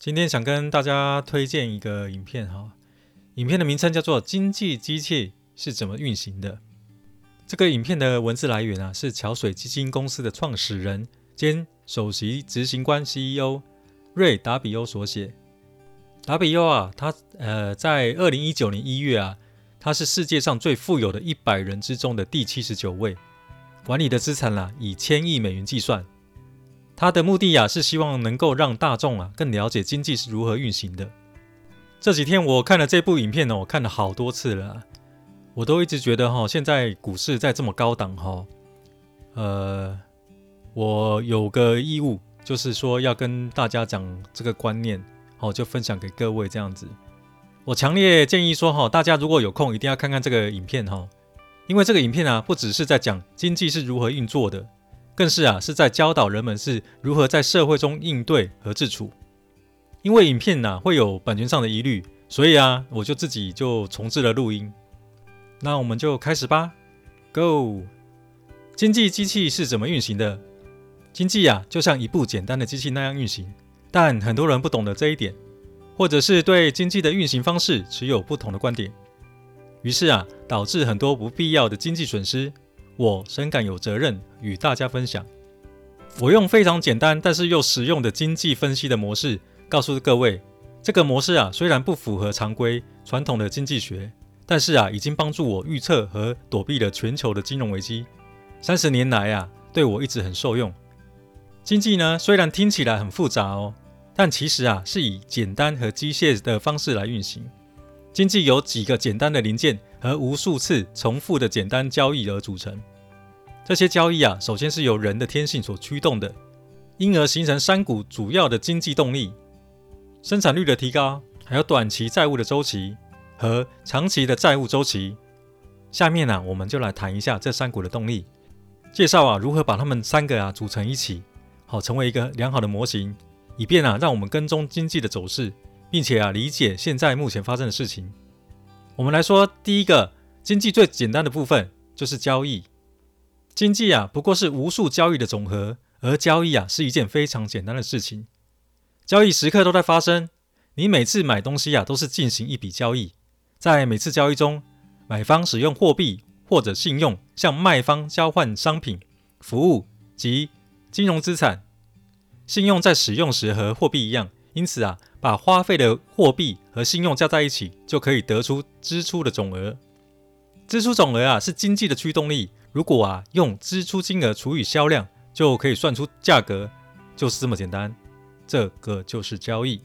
今天想跟大家推薦一個影片哈，影片的名稱叫做《經濟機器是怎麼運行的》。這個影片的文字來源啊，是橋水基金公司的創始人兼首席執行官 CEO 瑞達比歐所寫。達比歐啊，他呃，在二零一九年一月啊，他是世界上最富有的一百人之中的第七十九位，管理的資產啦，啊，以千億美元計算。他的目的呀、啊，是希望能夠讓大眾啊更了解經濟是如何運行的。這幾天我看了這部影片呢、哦，我看了好多次了，我都一直覺得哈、哦，現在股市在這麼高檔哈、哦，呃，我有個義務就是說要跟大家講這個觀念，好、哦、就分享給各位這樣子。我強烈建議說哈、哦，大家如果有空一定要看看這個影片哈、哦，因為這個影片啊不只是在講經濟是如何運作的。更是啊，是在教導人們是如何在社會中應對和自處。因為影片呢、啊、會有版權上的疑慮，所以啊，我就自己就重製了錄音。那我們就開始吧，Go！經濟機器是怎麼運行的？經濟呀、啊，就像一部簡單的機器那樣運行，但很多人不懂得這一點，或者是對經濟的運行方式持有不同的觀點，於是啊，導致很多不必要的經濟損失。我深感有責任與大家分享。我用非常簡單但是又實用的經濟分析的模式，告訴各位，這個模式啊，雖然不符合常規傳統的經濟學，但是啊，已經幫助我預測和躲避了全球的金融危機。三十年來啊，對我一直很受用。經濟呢，雖然聽起來很複雜哦，但其實啊，是以簡單和機械的方式來運行。經濟由幾個簡單的零件和無數次重複的簡單交易而組成。這些交易啊，首先是由人的天性所驅動的，因而形成三股主要的經濟動力：生產率的提高，還有短期債務的周期和長期的債務周期。下面呢，我們就來談一下這三股的動力，介紹啊如何把它們三個啊組成一起，好成為一個良好的模型，以便啊讓我們跟蹤經濟的走勢。並且啊，理解現在目前發生的事情。我們來說第一個經濟最簡單的部分就是交易。經濟啊，不過是無數交易的總和，而交易啊是一件非常簡單的事情。交易時刻都在發生，你每次買東西啊，都是進行一筆交易。在每次交易中，買方使用貨幣或者信用向賣方交換商品、服務及金融資產。信用在使用時和貨幣一樣，因此啊，把花費的貨幣和信用加在一起，就可以得出支出的總額。支出總額啊，是經濟的驅動力。如果啊用支出金額除以銷量，就可以算出價格，就是這麼簡單。這個就是交易。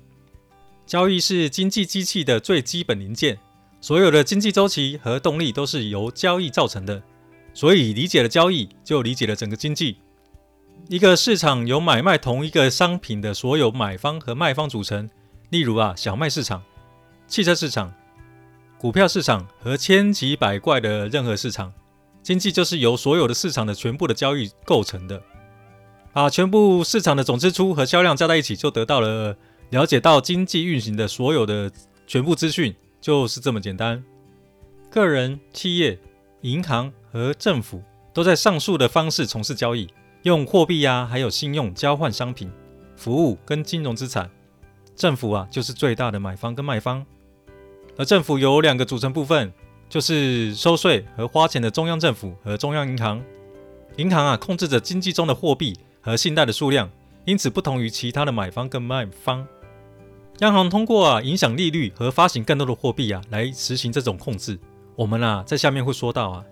交易是經濟機器的最基本零件，所有的經濟周期和動力都是由交易造成的。所以理解了交易，就理解了整個經濟。一個市場由買賣同一個商品的所有買方和賣方組成。例如啊，小麥市場、汽車市場、股票市場和千奇百怪的任何市場，經濟就是由所有的市場的全部的交易構成的。把全部市場的總支出和銷量加在一起，就得到了了解到經濟運行的所有的全部資訊，就是這麼簡單。個人、企業、銀行和政府都在上述的方式從事交易，用貨幣呀、啊，還有信用交換商品、服務跟金融資產。政府啊，就是最大的買方跟賣方。而政府有兩個組成部分，就是收稅和花錢的中央政府和中央銀行。銀行啊，控制着經濟中的貨幣和信貸的數量，因此不同於其他的買方跟賣方。央行通過啊影響利率和發行更多的貨幣啊來實行這種控制。我們啊在下面會說到啊。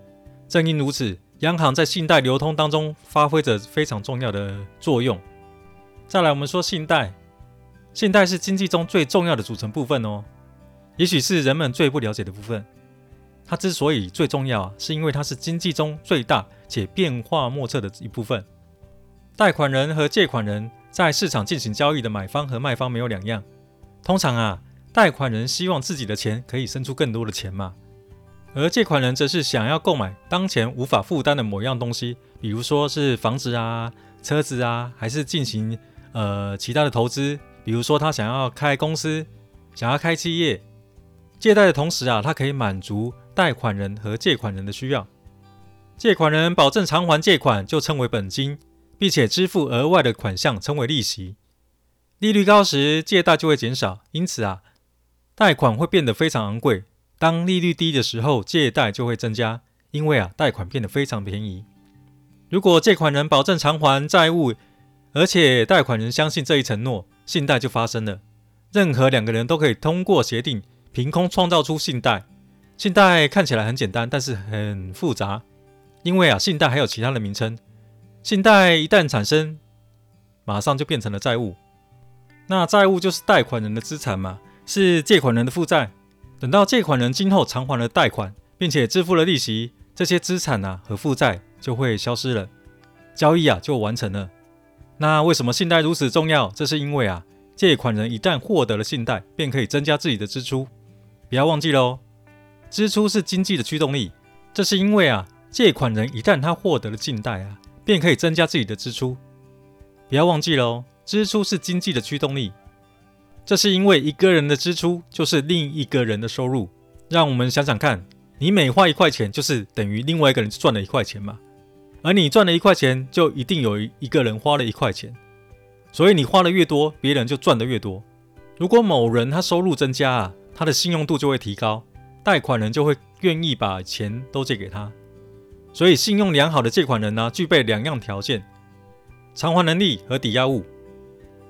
正因如此，央行在信貸流通當中發揮着非常重要的作用。再來，我們說信貸。信貸是經濟中最重要的組成部分哦，也許是人們最不了解的部分。它之所以最重要啊，是因為它是經濟中最大且變化莫測的一部分。貸款人和借款人在市場進行交易的買方和賣方沒有兩樣。通常啊，貸款人希望自己的錢可以生出更多的錢嘛，而借款人則是想要購買當前無法負擔的某樣東西，比如說是房子啊、車子啊，還是進行呃其他的投資。比如說，他想要開公司，想要開企業，借貸的同時啊，他可以滿足貸款人和借款人的需要。借款人保證償還借款，就稱為本金，並且支付額外的款項稱為利息。利率高時，借貸就會減少，因此啊，貸款會變得非常昂貴。當利率低的時候，借貸就會增加，因為啊，貸款變得非常便宜。如果借款人保證償還債務，而且貸款人相信這一承諾，信貸就發生了。任何兩個人都可以通過協定憑空創造出信貸。信貸看起來很簡單，但是很複雜，因為啊，信貸還有其他的名稱。信貸一旦產生，馬上就變成了債務。那債務就是貸款人的資產嘛，是借款人的負債。等到借款人今後償還了貸款，並且支付了利息，這些資產吶和負債就會消失了，交易啊就完成了。那為什麼信貸如此重要？這是因為啊，借款人一旦獲得了信貸，便可以增加自己的支出。不要忘記嘍，支出是經濟的驅動力。這是因為啊，借款人一旦他獲得了信貸啊，便可以增加自己的支出。不要忘記嘍，支出是經濟的驅動力。這是因為一個人的支出就是另一個人的收入。讓我們想想看，你每花一塊錢，就是等於另外一個人賺了一塊錢嘛。而你賺了一塊錢，就一定有一一個人花了一塊錢，所以你花的越多，別人就賺的越多。如果某人他收入增加啊，他的信用度就會提高，貸款人就會願意把錢都借給他。所以信用良好的借款人呢、啊，具備兩樣條件：償還能力和抵押物。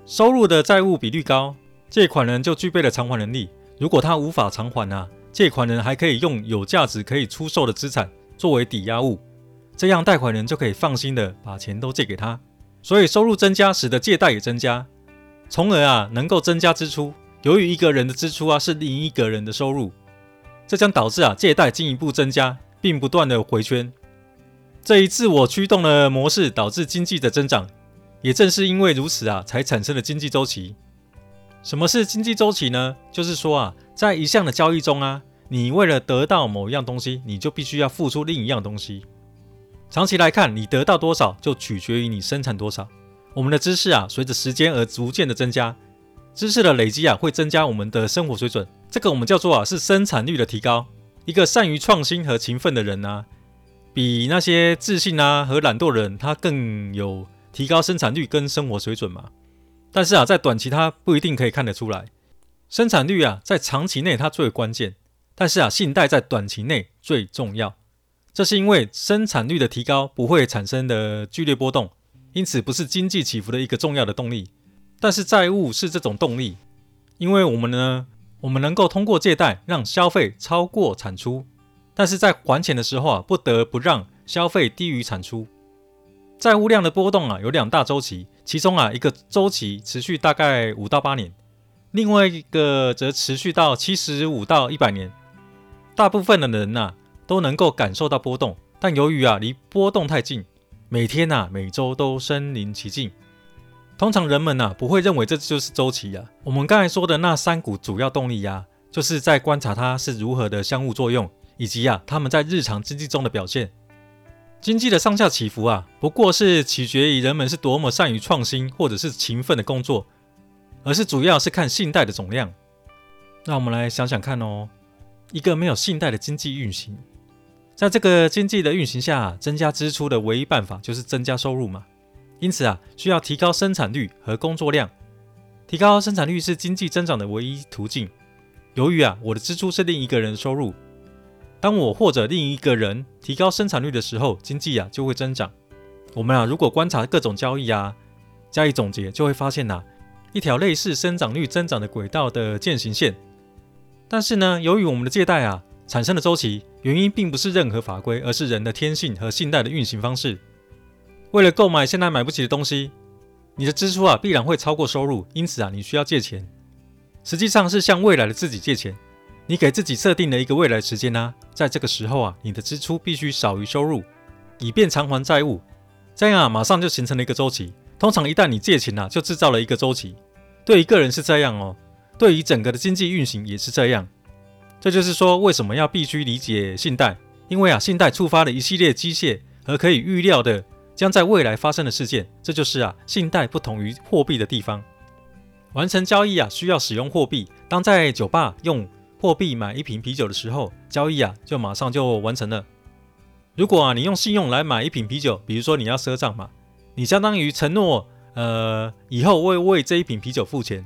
收入的債務比率高，借款人就具備了償還能力。如果他無法償還啊，借款人還可以用有價值可以出售的資產作為抵押物。這樣，貸款人就可以放心的把錢都借給他，所以收入增加，使得借貸也增加，從而啊能夠增加支出。由於一個人的支出啊是另一個人的收入，這將導致啊借貸進一步增加，並不斷的回圈。這一自我驅動的模式導致經濟的增長。也正是因為如此啊，才產生了經濟週期。什麼是經濟週期呢？就是說啊，在一項的交易中啊，你為了得到某一樣東西，你就必須要付出另一樣東西。長期來看，你得到多少就取決於你生產多少。我們的知識啊，隨着時間而逐漸的增加，知識的累積啊，會增加我們的生活水準。這個我們叫做啊，是生產率的提高。一個善於創新和勤奮的人啊，比那些自信啊和懶惰的人，他更有提高生產率跟生活水準嘛。但是啊，在短期他不一定可以看得出來。生產率啊，在長期內它最關鍵，但是啊，信貸在短期內最重要。這是因為生產率的提高不會產生的劇烈波動，因此不是經濟起伏的一個重要的動力。但是債務是這種動力，因為我們呢，我們能夠通過借貸讓消費超過產出，但是在還錢的時候啊，不得不讓消費低於產出。債務量的波動啊，有兩大週期，其中啊，一個週期持續大概五到八年，另外一個則持續到七十五到一百年。大部分的人吶啊。都能夠感受到波動，但由於啊，離波動太近，每天啊每周都身臨其境。通常人們啊不會認為這就是周期啊。我們剛才說的那三股主要動力呀、啊，就是在觀察它是如何的相互作用，以及呀、啊、他們在日常經濟中的表現。經濟的上下起伏啊，不過是取決於人們是多麼善於創新或者是勤奮的工作，而是主要是看信貸的總量。那我們來想想看哦，一個沒有信貸的經濟運行。在這個經濟的運行下啊，增加支出的唯一辦法就是增加收入嘛。因此啊，需要提高生產率和工作量。提高生產率是經濟增長的唯一途徑。由於啊，我的支出是另一個人的收入。當我或者另一個人提高生產率的時候，經濟啊就會增長。我們啊，如果觀察各種交易啊，加以總結，就會發現啊，一條類似生長率增長的軌道的漸行線。但是呢，由於我們的借貸啊。產生的周期原因並不是任何法規，而是人的天性和信貸的運行方式。為了購買現在買不起的東西，你的支出啊必然會超過收入，因此啊你需要借錢，實際上是向未來的自己借錢。你給自己設定了一個未來時間啊，在這個時候啊你的支出必須少於收入，以便償還債務。這樣啊馬上就形成了一個周期。通常一旦你借錢啊就製造了一個周期，對於個人是這樣哦，對於整個的經濟運行也是這樣。這就是說，為什麼要必須理解信貸？因為啊，信貸觸發了一系列機械和可以預料的將在未來發生的事件。這就是啊，信貸不同於貨幣的地方。完成交易啊，需要使用貨幣。當在酒吧用貨幣買一瓶啤酒的時候，交易啊就馬上就完成了。如果啊你用信用來買一瓶啤酒，比如說你要賒賬嘛，你相當於承諾呃以後會為這一瓶啤酒付錢。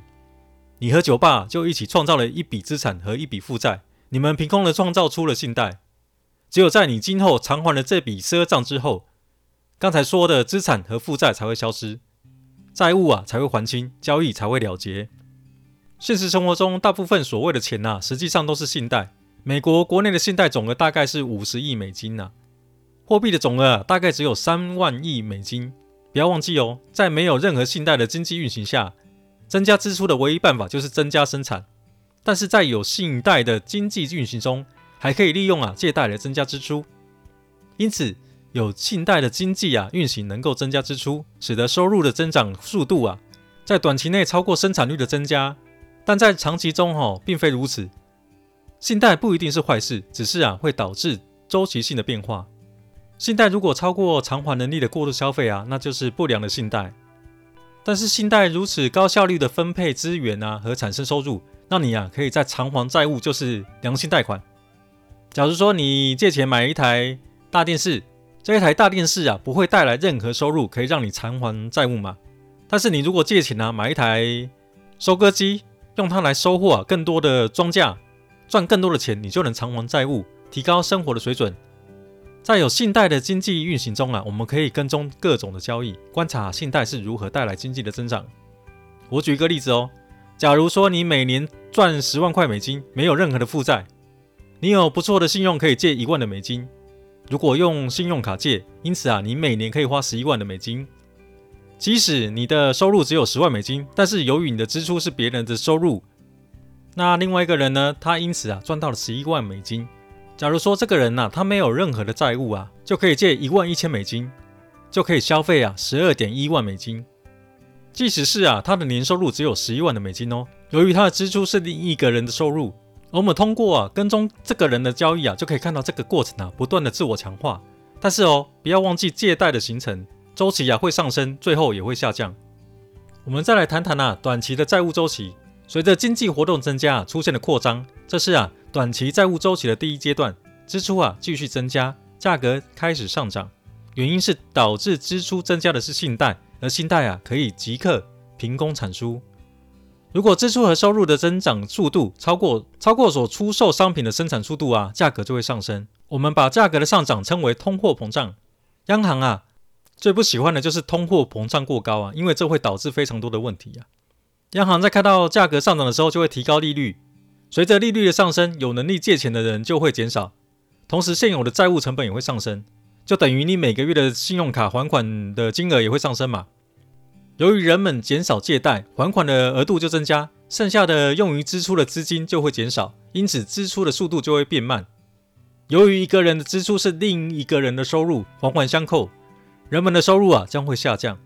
你和酒吧就一起創造了一筆資產和一筆負債。你們憑空的創造出了信貸，只有在你今後償還了這筆賒賬之後，剛才說的資產和負債才會消失，債務啊才會還清，交易才會了結。現實生活中，大部分所謂的錢吶、啊，實際上都是信貸。美國國內的信貸總額大概是五十億美金吶、啊，貨幣的總額、啊、大概只有三萬億美金。不要忘記哦，在沒有任何信貸的經濟運行下，增加支出的唯一辦法就是增加生產。但是在有信貸的經濟運行中，還可以利用啊借貸來增加支出，因此有信貸的經濟啊運行能夠增加支出，使得收入的增長速度啊在短期內超過生產率的增加，但在長期中哈、哦，並非如此。信貸不一定是壞事，只是啊會導致周期性的變化。信貸如果超過償還能力的過度消費啊，那就是不良的信貸。但是信貸如此高效率的分配資源啊和產生收入。那你呀、啊，可以再償還債務，就是良性貸款。假如說你借錢買一台大電視，這一台大電視啊，不會帶來任何收入，可以讓你償還債務嗎？但是你如果借錢呢、啊，買一台收割機，用它來收穫、啊、更多的莊稼，賺更多的錢，你就能償還債務，提高生活的水準。在有信貸的經濟運行中啊，我們可以跟蹤各種的交易，觀察信貸是如何帶來經濟的增長。我舉一個例子哦。假如說你每年賺十萬塊美金，沒有任何的負債，你有不錯的信用，可以借一萬的美金。如果用信用卡借，因此啊，你每年可以花十一萬的美金。即使你的收入只有十萬美金，但是由於你的支出是別人的收入，那另外一個人呢，他因此啊賺到了十一萬美金。假如說這個人吶，他沒有任何的債務啊，就可以借一萬一千美金，就可以消費啊十二點一萬美金。即使是啊，他的年收入只有十一萬的美金哦。由於他的支出是另一個人的收入，而我們通過啊跟蹤這個人的交易啊，就可以看到這個過程啊不斷的自我強化。但是哦，不要忘記借貸的形成周期啊會上升，最後也會下降。我們再來談談啊，短期的債務周期。隨着經濟活動增加啊，出現了擴張，這是啊短期債務周期的第一階段。支出啊繼續增加，價格開始上漲，原因是導致支出增加的是信貸。而信貸啊，可以即刻憑空產出。如果支出和收入的增長速度超過超過所出售商品的生產速度啊，價格就會上升。我們把價格的上漲稱為通貨膨脹。央行啊，最不喜歡的就是通貨膨脹過高啊，因為這會導致非常多的問題啊。央行在看到價格上漲的時候，就會提高利率。隨着利率的上升，有能力借錢的人就會減少，同時現有的債務成本也會上升。就等於你每個月的信用卡還款的金額也會上升嘛。由於人們減少借貸，還款的額度就增加，剩下的用於支出的資金就會減少，因此支出的速度就會變慢。由於一個人的支出是另一個人的收入，環環相扣，人們的收入啊將會下降。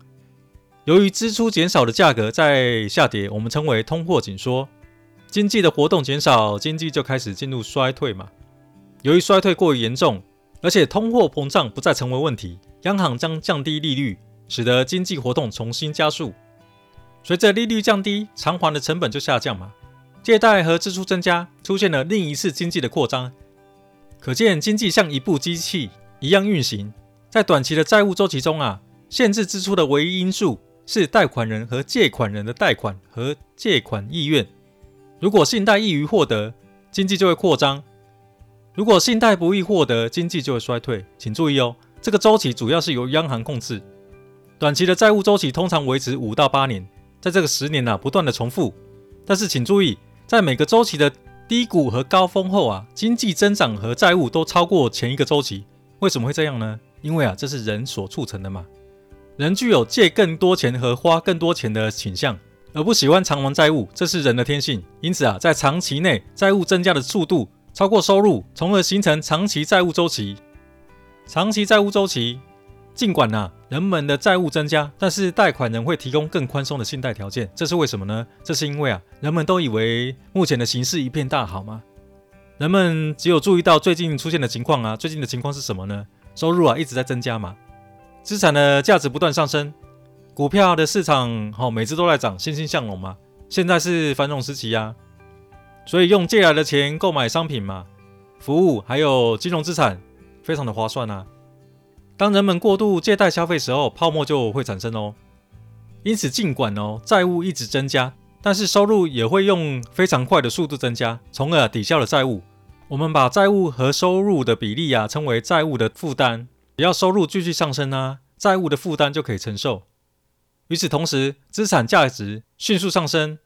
由於支出減少的價格在下跌，我們稱為通貨緊縮。經濟的活動減少，經濟就開始進入衰退嘛。由於衰退過於嚴重。而且通貨膨脹不再成為問題，央行將降低利率，使得經濟活動重新加速。隨着利率降低，償還的成本就下降嘛，借貸和支出增加，出現了另一次經濟的擴張。可見，經濟像一部機器一樣運行。在短期的債務周期中啊，限制支出的唯一因素是貸款人和借款人的貸款和借款意願。如果信貸易於獲得，經濟就會擴張。如果信貸不易獲得，經濟就會衰退。請注意哦，這個週期主要是由央行控制。短期的債務週期通常維持五到八年，在這個十年呢、啊，不斷的重複。但是請注意，在每個週期的低谷和高峰後啊，經濟增長和債務都超過前一個週期。為什麼會這樣呢？因為啊，這是人所促成的嘛。人具有借更多錢和花更多錢的傾向，而不喜歡償還債務，這是人的天性。因此啊，在長期內，債務增加的速度。超過收入，從而形成長期債務週期。長期債務週期，儘管呢、啊，人們的債務增加，但是貸款人會提供更寬鬆的信貸條件。這是為什麼呢？這是因為啊，人們都以為目前的形勢一片大好嘛。人們只有注意到最近出現的情況啊，最近的情況是什麼呢？收入啊一直在增加嘛，資產的價值不斷上升，股票的市場吼、哦，每次都在漲，欣欣向榮嘛。現在是繁榮時期呀、啊。所以用借來的錢購買商品嘛，服務還有金融資產，非常的划算啊。當人們過度借貸消費時候，泡沫就會產生哦。因此，儘管哦，債務一直增加，但是收入也會用非常快的速度增加，從而抵消了債務。我們把債務和收入的比例啊，稱為債務的負擔。只要收入繼續上升啊，債務的負擔就可以承受。與此同時，資產價值迅速上升。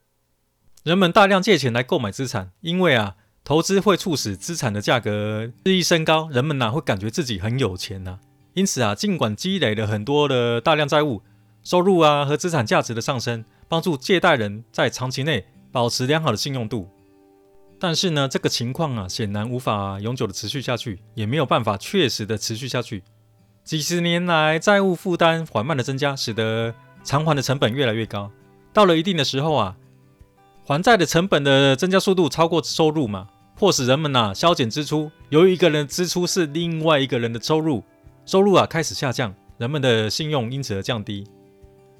人們大量借錢來購買資產，因為啊，投資會促使資產的價格日益升高，人們吶、啊，會感覺自己很有錢吶、啊。因此啊，儘管積累了很多的大量債務，收入啊和資產價值的上升，幫助借貸人在長期內保持良好的信用度。但是呢，這個情況啊顯然無法、啊、永久的持續下去，也沒有辦法確實的持續下去。幾十年來，債務負擔緩慢的增加，使得償還的成本越來越高。到了一定的時候啊。還債的成本的增加速度超過收入嘛，迫使人們吶、啊、削減支出。由於一個人的支出是另外一個人的收入，收入啊開始下降，人們的信用因此而降低，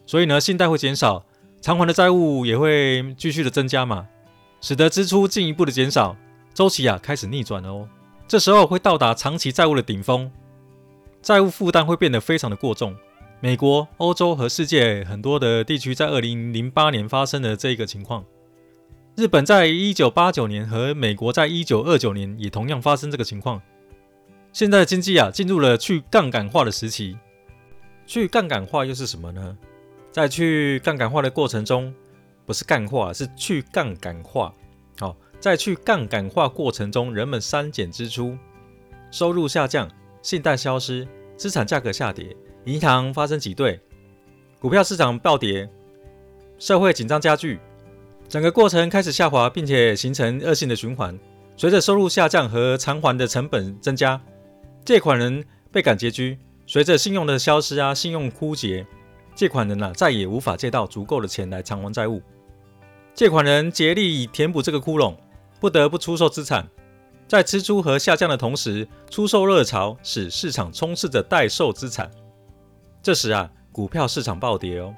所以呢，信貸會減少，償還的債務也會繼續的增加嘛，使得支出進一步的減少。週期啊開始逆轉哦，這時候會到達長期債務的頂峰，債務負擔會變得非常的過重。美國、歐洲和世界很多的地區在二零零八年發生的這一個情況。日本在一九八九年和美國在一九二九年也同樣發生這個情況。現在的經濟啊進入了去槓桿化的時期。去槓桿化又是什麼呢？在去槓桿化的過程中，不是槓化，是去槓桿化。好，在去槓桿化過程中，人們刪減支出，收入下降，信貸消失，資產價格下跌，銀行發生擠兌，股票市場暴跌，社會緊張加劇。整個過程開始下滑，並且形成惡性的循環。隨着收入下降和償還的成本增加，借款人倍感拮據。隨着信用的消失啊，信用枯竭，借款人呢、啊、再也無法借到足夠的錢來償還債務。借款人竭力以填補這個窟窿，不得不出售資產。在支出和下降的同時，出售熱潮使市場充斥着待售資產。這時啊，股票市場暴跌哦。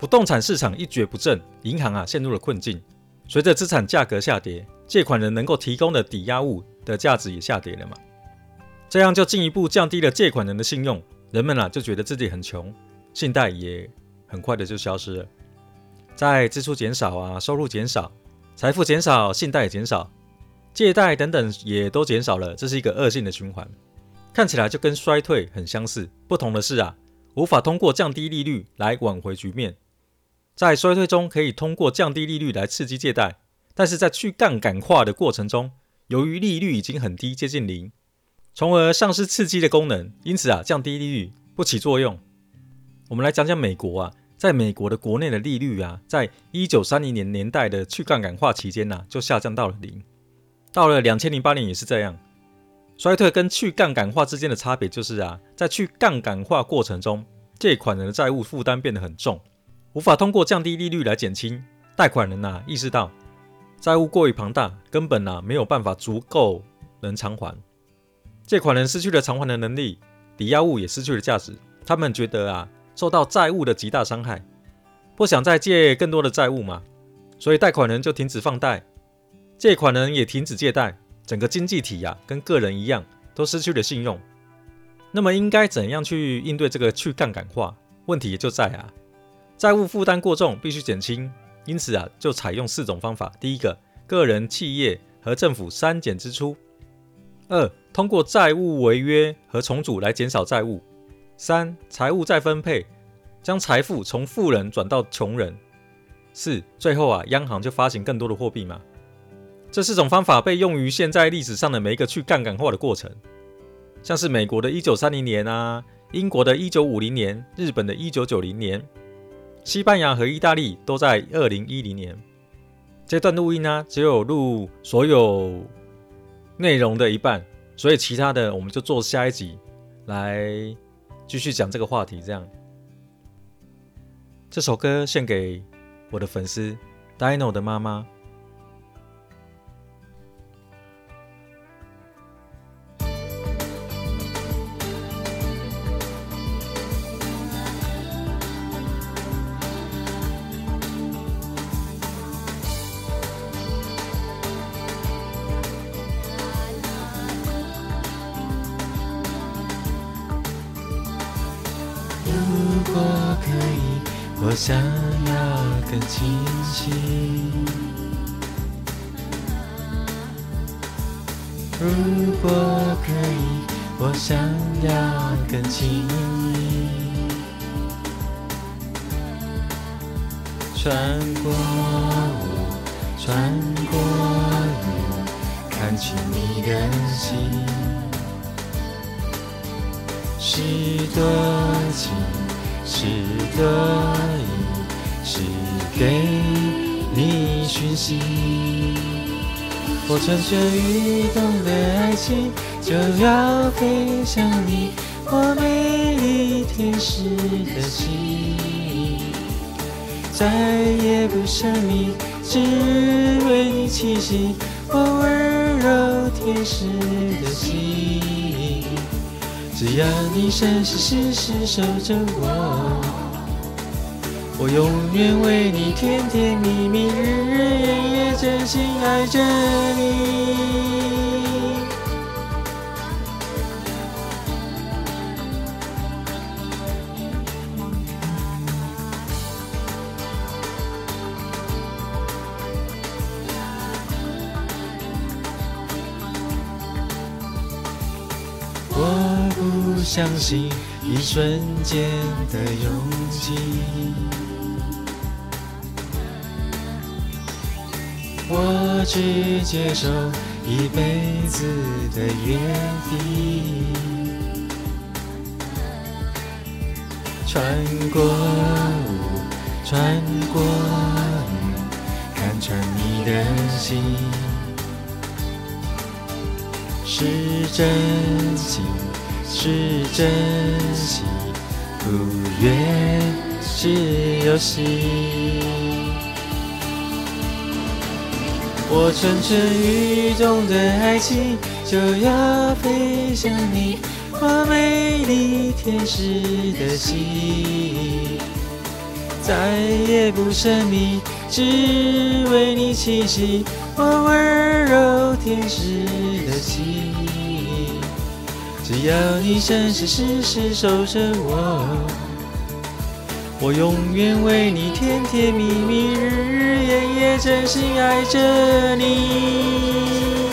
不動產市場一蹶不振，銀行啊陷入了困境。隨着資產價格下跌，借款人能夠提供的抵押物的價值也下跌了嘛，這樣就進一步降低了借款人的信用，人們啊就覺得自己很窮，信貸也很快的就消失了。在支出減少啊，收入減少，財富減少，信貸也減少，借貸等等也都減少了，這是一個惡性的循環，看起來就跟衰退很相似。不同的是啊，無法通過降低利率來挽回局面。在衰退中，可以通過降低利率來刺激借貸，但是在去槓桿化的過程中，由於利率已經很低，接近零，從而喪失刺激的功能。因此啊，降低利率不起作用。我們來講講美國啊，在美國的國內的利率啊，在一九三零年年代的去槓桿化期間呢、啊，就下降到了零。到了兩千零八年也是這樣。衰退跟去槓桿化之間的差別就是啊，在去槓桿化的過程中，借款人的債務負擔變得很重。無法通過降低利率來減輕貸款人吶、啊，意識到債務過於龐大，根本吶、啊、沒有辦法足夠能償還。借款人失去了償還的能力，抵押物也失去了價值。他們覺得啊受到債務的極大傷害，不想再借更多的債務嘛，所以貸款人就停止放貸，借款人也停止借貸，整個經濟體呀、啊、跟個人一樣都失去了信用。那麼應該怎樣去應對這個去槓桿化問題？也就在啊。債務負擔過重，必須減輕。因此啊，就採用四種方法：第一個，個人、企業和政府刪減支出；二，通過債務違約和重組來減少債務；三，財務再分配，將財富從富人轉到窮人；四，最後啊，央行就發行更多的貨幣嘛。這四種方法被用於現在歷史上的每一個去槓桿化的過程，像是美國的一九三零年啊，英國的一九五零年，日本的一九九零年。西班牙和意大利都在二零一零年。這段錄音呢、啊，只有錄所有內容的一半，所以其他的我們就做下一集來繼續講這個話題。這樣，這首歌獻給我的粉絲 Dino 的媽媽。穿過雲，看清你的心，是多情，是多意，是給你訊息。我蠢蠢欲動的愛情，就要飛向你，我美麗天使的心，再也不想你只為你傾心，我溫柔天使的心，只要你生生世、世世守着我，我永遠為你甜甜蜜蜜，日日夜夜真心愛着你。相信一瞬間的勇氣，我只接受一輩子的約定。穿過霧，穿過雨，看穿你的心，是真心。是珍惜，不願是遊戲。我蠢蠢欲動的愛情就要飛向你，我美麗天使的心，再也不神秘，只為你氣息，我溫柔天使的心。只要你生生世世守着我，我永遠為你甜甜蜜蜜，日日夜夜真心愛着你。